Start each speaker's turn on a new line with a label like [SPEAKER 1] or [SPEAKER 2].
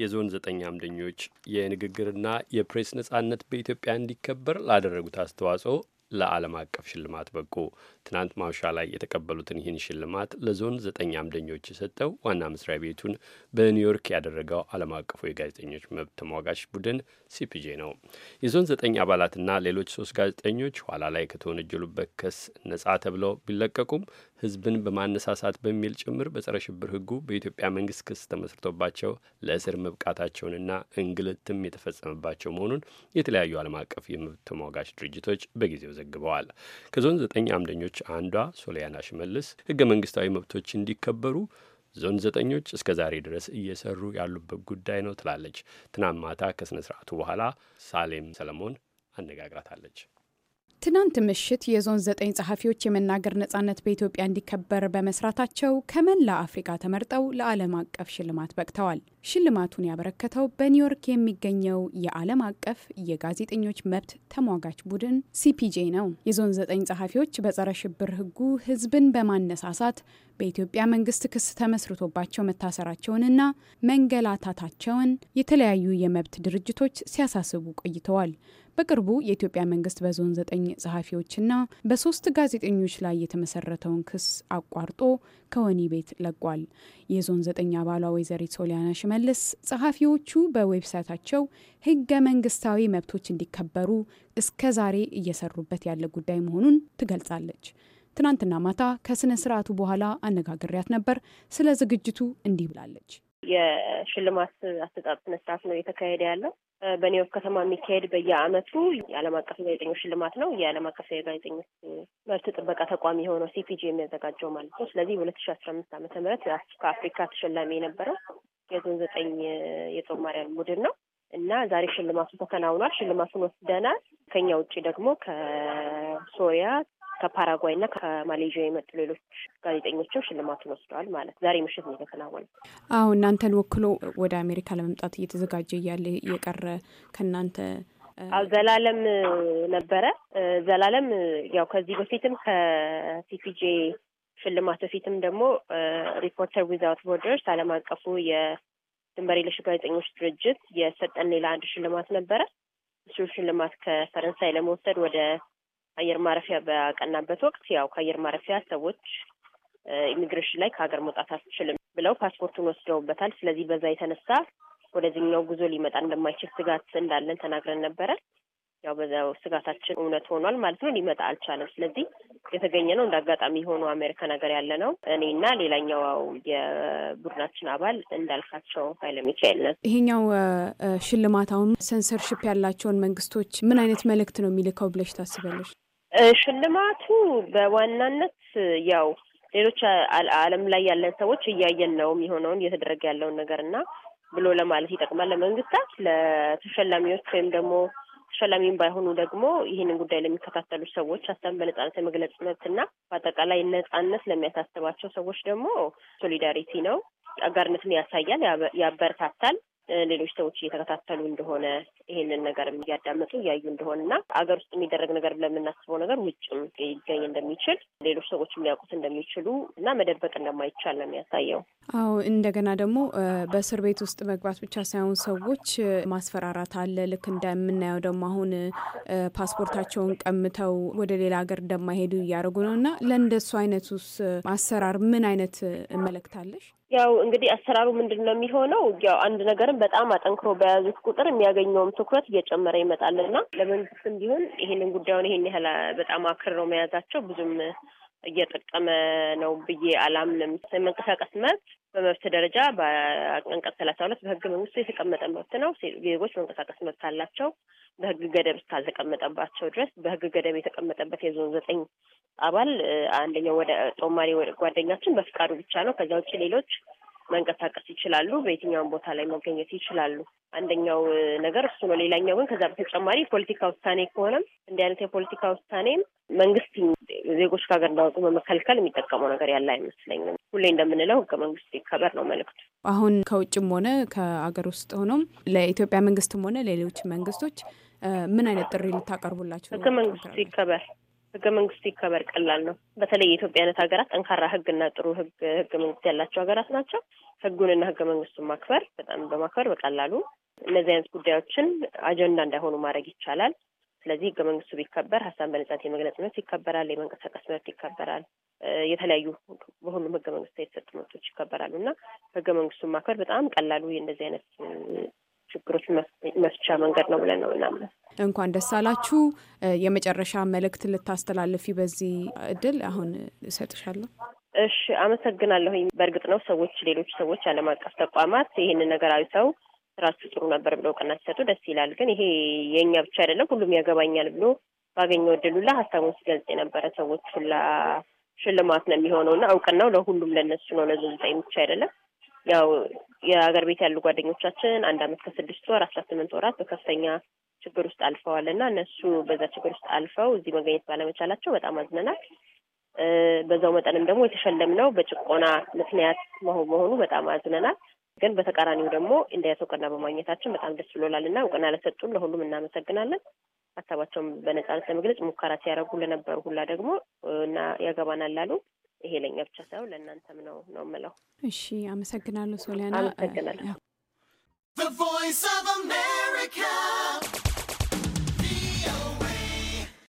[SPEAKER 1] የዞን ዘጠኝ አምደኞች የንግግርና የፕሬስ ነጻነት በኢትዮጵያ እንዲከበር ላደረጉት አስተዋጽኦ ለዓለም አቀፍ ሽልማት በቁ። ትናንት ማውሻ ላይ የተቀበሉትን ይህን ሽልማት ለዞን ዘጠኝ አምደኞች የሰጠው ዋና መስሪያ ቤቱን በኒውዮርክ ያደረገው ዓለም አቀፉ የጋዜጠኞች መብት ተሟጋች ቡድን ሲፒጄ ነው። የዞን ዘጠኝ አባላትና ሌሎች ሶስት ጋዜጠኞች ኋላ ላይ ከተወነጀሉበት ክስ ነጻ ተብለው ቢለቀቁም ሕዝብን በማነሳሳት በሚል ጭምር በጸረ ሽብር ሕጉ በኢትዮጵያ መንግስት ክስ ተመስርቶባቸው ለእስር መብቃታቸውንና እንግልትም የተፈጸመባቸው መሆኑን የተለያዩ ዓለም አቀፍ የመብት ተሟጋች ድርጅቶች በጊዜው ተዘግበዋል። ከዞን ዘጠኝ አምደኞች አንዷ ሶሊያና ሽመልስ ህገ መንግስታዊ መብቶች እንዲከበሩ ዞን ዘጠኞች እስከ ዛሬ ድረስ እየሰሩ ያሉበት ጉዳይ ነው ትላለች። ትናንት ማታ ከስነ ስርዓቱ በኋላ ሳሌም ሰለሞን አነጋግራታለች።
[SPEAKER 2] ትናንት ምሽት የዞን ዘጠኝ ጸሐፊዎች የመናገር ነጻነት በኢትዮጵያ እንዲከበር በመስራታቸው ከመላ አፍሪካ ተመርጠው ለዓለም አቀፍ ሽልማት በቅተዋል። ሽልማቱን ያበረከተው በኒውዮርክ የሚገኘው የዓለም አቀፍ የጋዜጠኞች መብት ተሟጋች ቡድን ሲፒጄ ነው። የዞን ዘጠኝ ጸሐፊዎች በጸረ ሽብር ህጉ ሕዝብን በማነሳሳት በኢትዮጵያ መንግስት ክስ ተመስርቶባቸው መታሰራቸውንና መንገላታታቸውን የተለያዩ የመብት ድርጅቶች ሲያሳስቡ ቆይተዋል። በቅርቡ የኢትዮጵያ መንግስት በዞን ዘጠኝ ጸሐፊዎችና በሶስት ጋዜጠኞች ላይ የተመሰረተውን ክስ አቋርጦ ከወኒ ቤት ለቋል። የዞን ዘጠኝ አባሏ ወይዘሪት ሶሊያና ሽመልስ ጸሐፊዎቹ በዌብሳይታቸው ህገ መንግስታዊ መብቶች እንዲከበሩ እስከ ዛሬ እየሰሩበት ያለ ጉዳይ መሆኑን ትገልጻለች። ትናንትና ማታ ከስነ ስርዓቱ በኋላ አነጋግሪያት ነበር። ስለ ዝግጅቱ እንዲህ ብላለች።
[SPEAKER 3] የሽልማት አሰጣጥ ስነስርዓት ነው እየተካሄደ ያለው። በኒውዮርክ ከተማ የሚካሄድ በየአመቱ የዓለም አቀፍ የጋዜጠኞች ሽልማት ነው። የዓለም አቀፍ የጋዜጠኞች መብት ጥበቃ ተቋም የሆነው ሲፒጂ የሚያዘጋጀው ማለት ነው። ስለዚህ ሁለት ሺ አስራ አምስት ዓመተ ምህረት ከአፍሪካ ተሸላሚ የነበረው የዞን ዘጠኝ የጦማርያን ቡድን ነው እና ዛሬ ሽልማቱ ተከናውኗል። ሽልማቱን ወስደናል። ከኛ ውጭ ደግሞ ከሶሪያ ከፓራጓይ እና ከማሌዥያ የመጡ ሌሎች ጋዜጠኞችም ሽልማቱን ወስደዋል። ማለት ዛሬ ምሽት ነው የተከናወነው።
[SPEAKER 2] እናንተን ወክሎ ወደ አሜሪካ ለመምጣት እየተዘጋጀ እያለ የቀረ ከእናንተ
[SPEAKER 3] ዘላለም ነበረ። ዘላለም ያው ከዚህ በፊትም ከሲፒጄ ሽልማት በፊትም ደግሞ ሪፖርተር ዊዛውት ቦርደርስ ዓለም አቀፉ የድንበር የለሽ ጋዜጠኞች ድርጅት የሰጠን ሌላ አንድ ሽልማት ነበረ። እሱ ሽልማት ከፈረንሳይ ለመውሰድ ወደ አየር ማረፊያ በቀናበት ወቅት ያው ከአየር ማረፊያ ሰዎች ኢሚግሬሽን ላይ ከሀገር መውጣት አትችልም ብለው ፓስፖርቱን ወስደውበታል። ስለዚህ በዛ የተነሳ ወደዚህኛው ጉዞ ሊመጣ እንደማይችል ስጋት እንዳለን ተናግረን ነበረ። ያው በዛው ስጋታችን እውነት ሆኗል ማለት ነው። ሊመጣ አልቻለም። ስለዚህ የተገኘ ነው እንደ አጋጣሚ ሆኖ አሜሪካ ነገር ያለ ነው እኔና ሌላኛው የቡድናችን አባል እንዳልካቸው ኃይለ ሚካኤል ነን።
[SPEAKER 2] ይሄኛው ሽልማት አሁን ሰንሰርሽፕ ያላቸውን መንግስቶች ምን አይነት መልእክት ነው የሚልከው ብለሽ ታስበለሽ?
[SPEAKER 3] ሽልማቱ በዋናነት ያው ሌሎች ዓለም ላይ ያለን ሰዎች እያየን ነው የሚሆነውን እየተደረገ ያለውን ነገር እና ብሎ ለማለት ይጠቅማል። ለመንግስታት፣ ለተሸላሚዎች ወይም ደግሞ ተሸላሚም ባይሆኑ ደግሞ ይህንን ጉዳይ ለሚከታተሉ ሰዎች ሀሳብን በነጻነት የመግለጽ መብትና በአጠቃላይ ነጻነት ለሚያሳስባቸው ሰዎች ደግሞ ሶሊዳሪቲ ነው። አጋርነትን ያሳያል፣ ያበረታታል። ሌሎች ሰዎች እየተከታተሉ እንደሆነ ይሄንን ነገር እያዳመጡ እያዩ እንደሆነ እና አገር ውስጥ የሚደረግ ነገር ብለን የምናስበው ነገር ውጭም ይገኝ እንደሚችል ሌሎች ሰዎች ሊያውቁት እንደሚችሉ እና መደበቅ እንደማይቻል ነው የሚያሳየው።
[SPEAKER 2] አዎ እንደገና ደግሞ በእስር ቤት ውስጥ መግባት ብቻ ሳይሆን ሰዎች ማስፈራራት አለ። ልክ እንደምናየው ደግሞ አሁን ፓስፖርታቸውን ቀምተው ወደ ሌላ ሀገር እንደማይሄዱ እያደረጉ ነው እና ለእንደሱ አይነቱስ አሰራር ምን አይነት እመለክታለሽ?
[SPEAKER 3] ያው እንግዲህ አሰራሩ ምንድን ነው የሚሆነው? ያው አንድ ነገርን በጣም አጠንክሮ በያዙት ቁጥር የሚያገኘውም ትኩረት እየጨመረ ይመጣል እና ለመንግስትም ቢሆን ይሄንን ጉዳዩን ይሄን ያህል በጣም አክርረው መያዛቸው ብዙም እየጠቀመ ነው ብዬ አላምንም። መንቀሳቀስ መብት በመብት ደረጃ በአንቀጽ ሰላሳ ሁለት በህገ መንግስቱ የተቀመጠ መብት ነው። ዜጎች መንቀሳቀስ መብት አላቸው በህግ ገደብ እስካልተቀመጠባቸው ድረስ። በህግ ገደብ የተቀመጠበት የዞን ዘጠኝ አባል አንደኛው ወደ ጦማሪ ጓደኛችን በፍቃዱ ብቻ ነው። ከዛ ውጭ ሌሎች መንቀሳቀስ ይችላሉ፣ በየትኛውም ቦታ ላይ መገኘት ይችላሉ። አንደኛው ነገር እሱ ነው። ሌላኛው ግን ከዛ በተጨማሪ ፖለቲካ ውሳኔ ከሆነም እንዲህ አይነት የፖለቲካ ውሳኔም መንግስት ዜጎች ከሀገር እንዳወጡ በመከልከል የሚጠቀመው ነገር ያለ አይመስለኝም። ሁሌ እንደምንለው ህገ መንግስት ይከበር ነው መልእክቱ።
[SPEAKER 2] አሁን ከውጭም ሆነ ከሀገር ውስጥ ሆኖም ለኢትዮጵያ መንግስትም ሆነ ለሌሎች መንግስቶች ምን አይነት ጥሪ ልታቀርቡላቸው? ህገ መንግስቱ
[SPEAKER 3] ይከበር ህገ መንግስቱ ይከበር ቀላል ነው። በተለይ የኢትዮጵያ አይነት ሀገራት ጠንካራ ህግና ጥሩ ህግ ህገ መንግስት ያላቸው ሀገራት ናቸው። ህጉንና ህገ መንግስቱን ማክበር በጣም በማክበር በቀላሉ እነዚህ አይነት ጉዳዮችን አጀንዳ እንዳይሆኑ ማድረግ ይቻላል። ስለዚህ ህገ መንግስቱ ቢከበር ሀሳብ በነጻነት የመግለጽ መብት ይከበራል፣ የመንቀሳቀስ መብት ይከበራል፣ የተለያዩ በሁሉም ህገ መንግስት የተሰጡ መብቶች ይከበራሉ እና ህገ መንግስቱን ማክበር በጣም ቀላሉ የእንደዚህ አይነት ችግሮች መፍቻ መንገድ ነው ብለን ነው እናምናለን።
[SPEAKER 2] እንኳን ደስ አላችሁ። የመጨረሻ መልእክት ልታስተላልፊ በዚህ እድል አሁን እሰጥሻለሁ።
[SPEAKER 3] እሺ፣ አመሰግናለሁኝ። በእርግጥ ነው ሰዎች ሌሎች ሰዎች ዓለም አቀፍ ተቋማት ይህንን ነገር አይተው ስራችሁ ጥሩ ነበር ብለው እውቅና ሲሰጡ ደስ ይላል። ግን ይሄ የእኛ ብቻ አይደለም፣ ሁሉም ያገባኛል ብሎ ባገኘው እድል ሁላ ሀሳቡን ሲገልጽ የነበረ ሰዎች ሁላ ሽልማት ነው የሚሆነው እና እውቅናው ለሁሉም ለእነሱ ነው፣ ለዘዘጠኝ ብቻ አይደለም። ያው የሀገር ቤት ያሉ ጓደኞቻችን አንድ አመት ከስድስት ወር አስራ ስምንት ወራት በከፍተኛ ችግር ውስጥ አልፈዋል እና እነሱ በዛ ችግር ውስጥ አልፈው እዚህ መገኘት ባለመቻላቸው በጣም አዝነናል። በዛው መጠንም ደግሞ የተሸለምነው በጭቆና ምክንያት መሆኑ በጣም አዝነናል። ግን በተቃራኒው ደግሞ እንዳያት እውቅና በማግኘታችን በጣም ደስ ብሎላል እና እውቅና ለሰጡን ለሁሉም እናመሰግናለን። ሀሳባቸውን በነጻነት ለመግለጽ ሙከራ ሲያደርጉ ለነበሩ ሁላ ደግሞ እና ያገባናል ላሉ ይሄ ለኛ ብቻ ሳይሆን ለእናንተም ነው ነው ምለው።
[SPEAKER 2] እሺ፣ አመሰግናለሁ ሶሊያና። አመሰግናለሁ።